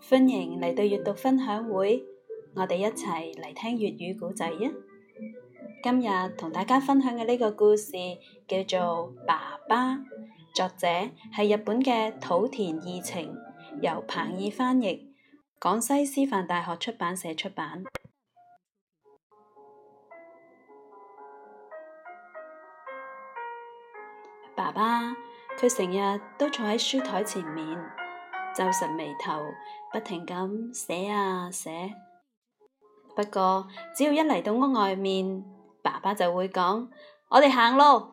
歡迎嚟到閱讀分享會，我哋一齊嚟聽粵語古仔啊！今日同大家分享嘅呢個故事叫做《爸爸》，作者係日本嘅土田義晴，由彭義翻譯，廣西師範大學出版社出版。爸爸，佢成日都坐喺書枱前面。皺實眉頭，不停咁寫啊寫。不過只要一嚟到屋外面，爸爸就會講：我哋行咯，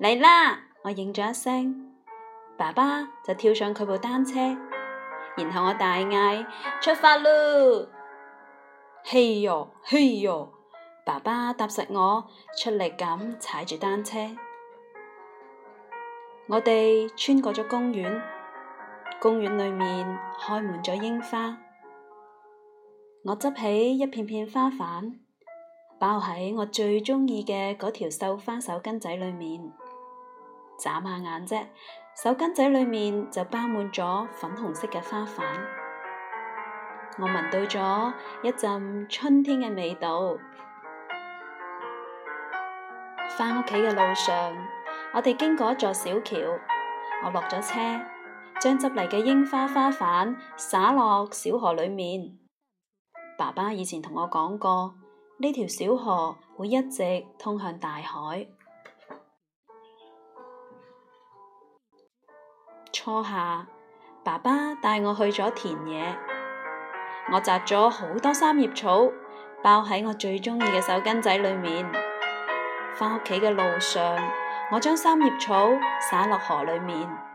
嚟啦！我應咗一聲，爸爸就跳上佢部單車，然後我大嗌：出發咯！嘿喲，嘿喲、hey hey！爸爸搭實我，出力咁踩住單車，我哋穿過咗公園。公園裏面開滿咗櫻花，我執起一片片花瓣，包喺我最中意嘅嗰條繡花手巾仔裏面，眨下眼啫，手巾仔裏面就包滿咗粉紅色嘅花瓣，我聞到咗一陣春天嘅味道。翻屋企嘅路上，我哋經過一座小橋，我落咗車。將執嚟嘅櫻花花瓣灑落小河裏面。爸爸以前同我講過，呢條小河會一直通向大海。初夏，爸爸帶我去咗田野，我摘咗好多三葉草，包喺我最鍾意嘅手巾仔裏面。返屋企嘅路上，我將三葉草灑落河裏面。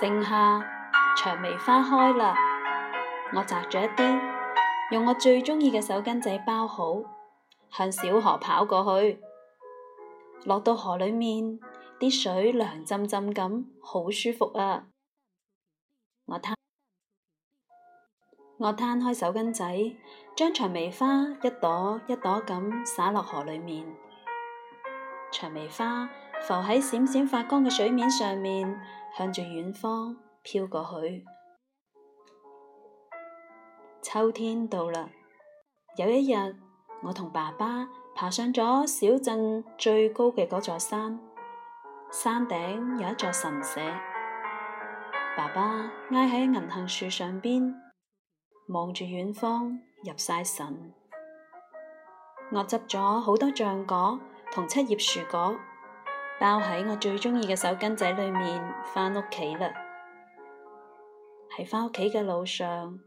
盛夏，薔薇花開啦！我摘咗一啲，用我最鍾意嘅手巾仔包好，向小河跑過去。落到河裡面，啲水涼浸浸咁，好舒服啊！我攤，我攤開手巾仔，將薔薇花一朵一朵咁灑落河裡面。薔薇花浮喺閃閃發光嘅水面上面，向住遠方飄過去。秋天到啦，有一日，我同爸爸爬上咗小鎮最高嘅嗰座山，山頂有一座神社。爸爸挨喺銀杏樹上邊，望住遠方入晒神。我執咗好多橡果同七葉樹果，包喺我最鍾意嘅手巾仔裏面，翻屋企啦。喺翻屋企嘅路上，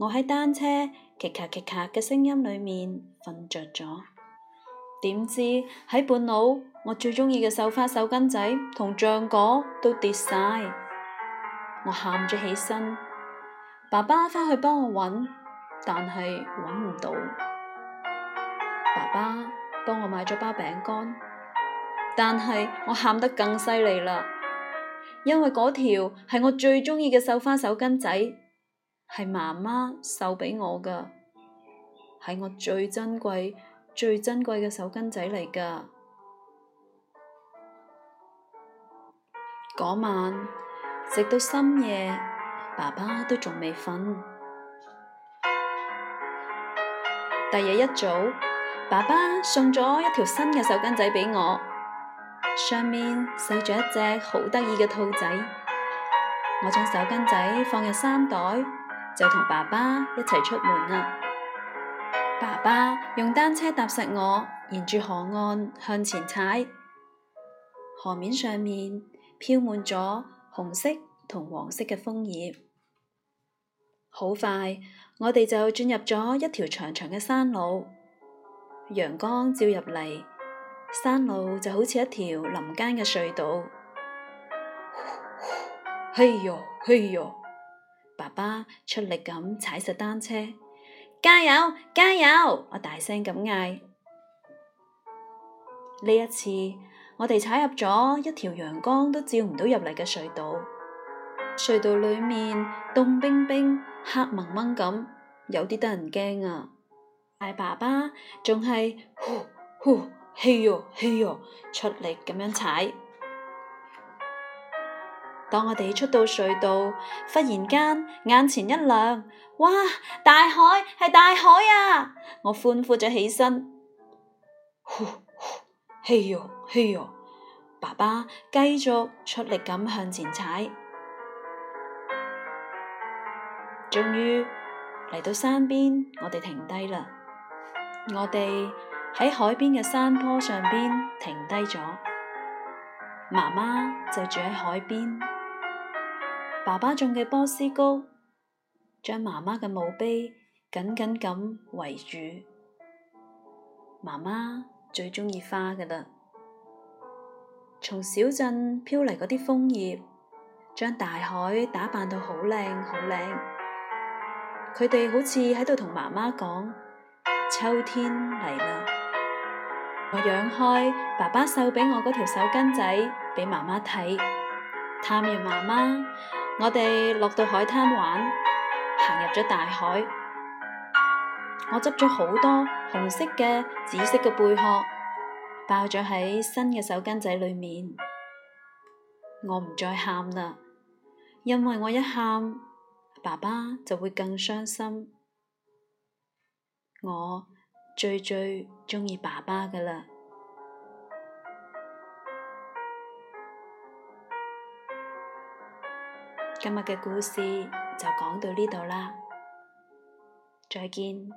我喺單車咔咔咔咔嘅聲音裏面瞓着咗。點知喺半路，我最鍾意嘅繡花手巾仔同醬果都跌晒。我喊咗起身，爸爸返去幫我揾，但係揾唔到。爸爸幫我買咗包餅乾。但係我喊得更犀利啦，因為嗰條係我最鍾意嘅繡花手巾仔，係媽媽繡俾我噶，係我最珍貴、最珍貴嘅手巾仔嚟噶。嗰 晚直到深夜，爸爸都仲未瞓。第日一早，爸爸送咗一條新嘅手巾仔畀我。上面洗咗一隻好得意嘅兔仔，我將手巾仔放入衫袋，就同爸爸一齊出門啦。爸爸用單車踏實我，沿住河岸向前踩，河面上面漂滿咗紅色同黃色嘅楓葉。好快，我哋就進入咗一條長長嘅山路，陽光照入嚟。山路就好似一條林間嘅隧道，嘿喲嘿喲，爸爸出力咁踩實單車，加油加油！我大聲咁嗌。呢一次我哋踩入咗一條陽光都照唔到入嚟嘅隧道，隧道裏面凍冰冰、黑蒙蒙咁，有啲得人驚啊！嗌爸爸仲係呼呼。嘿喲嘿喲，出力咁樣踩。當我哋出到隧道，忽然間眼前一亮，哇！大海係大海啊！我歡呼咗起身。呼呼，嘿喲嘿喲，爸爸繼續出力咁向前踩。終於嚟到山邊，我哋停低啦。我哋。喺海邊嘅山坡上邊停低咗，媽媽就住喺海邊。爸爸種嘅波斯菊將媽媽嘅墓碑緊緊咁圍住。媽媽最鍾意花㗎啦，從小鎮飄嚟嗰啲楓葉，將大海打扮到好靚好靚。佢哋好似喺度同媽媽講：秋天嚟啦！我揚開，爸爸繡俾我嗰條手巾仔俾媽媽睇。探完媽媽，我哋落到海灘玩，行入咗大海，我執咗好多紅色嘅，紫色嘅貝殼，包咗喺新嘅手巾仔裏面。我唔再喊啦，因為我一喊，爸爸就會更傷心。我，最最鍾意爸爸㗎喇！今日嘅故事就講到呢度啦，再見。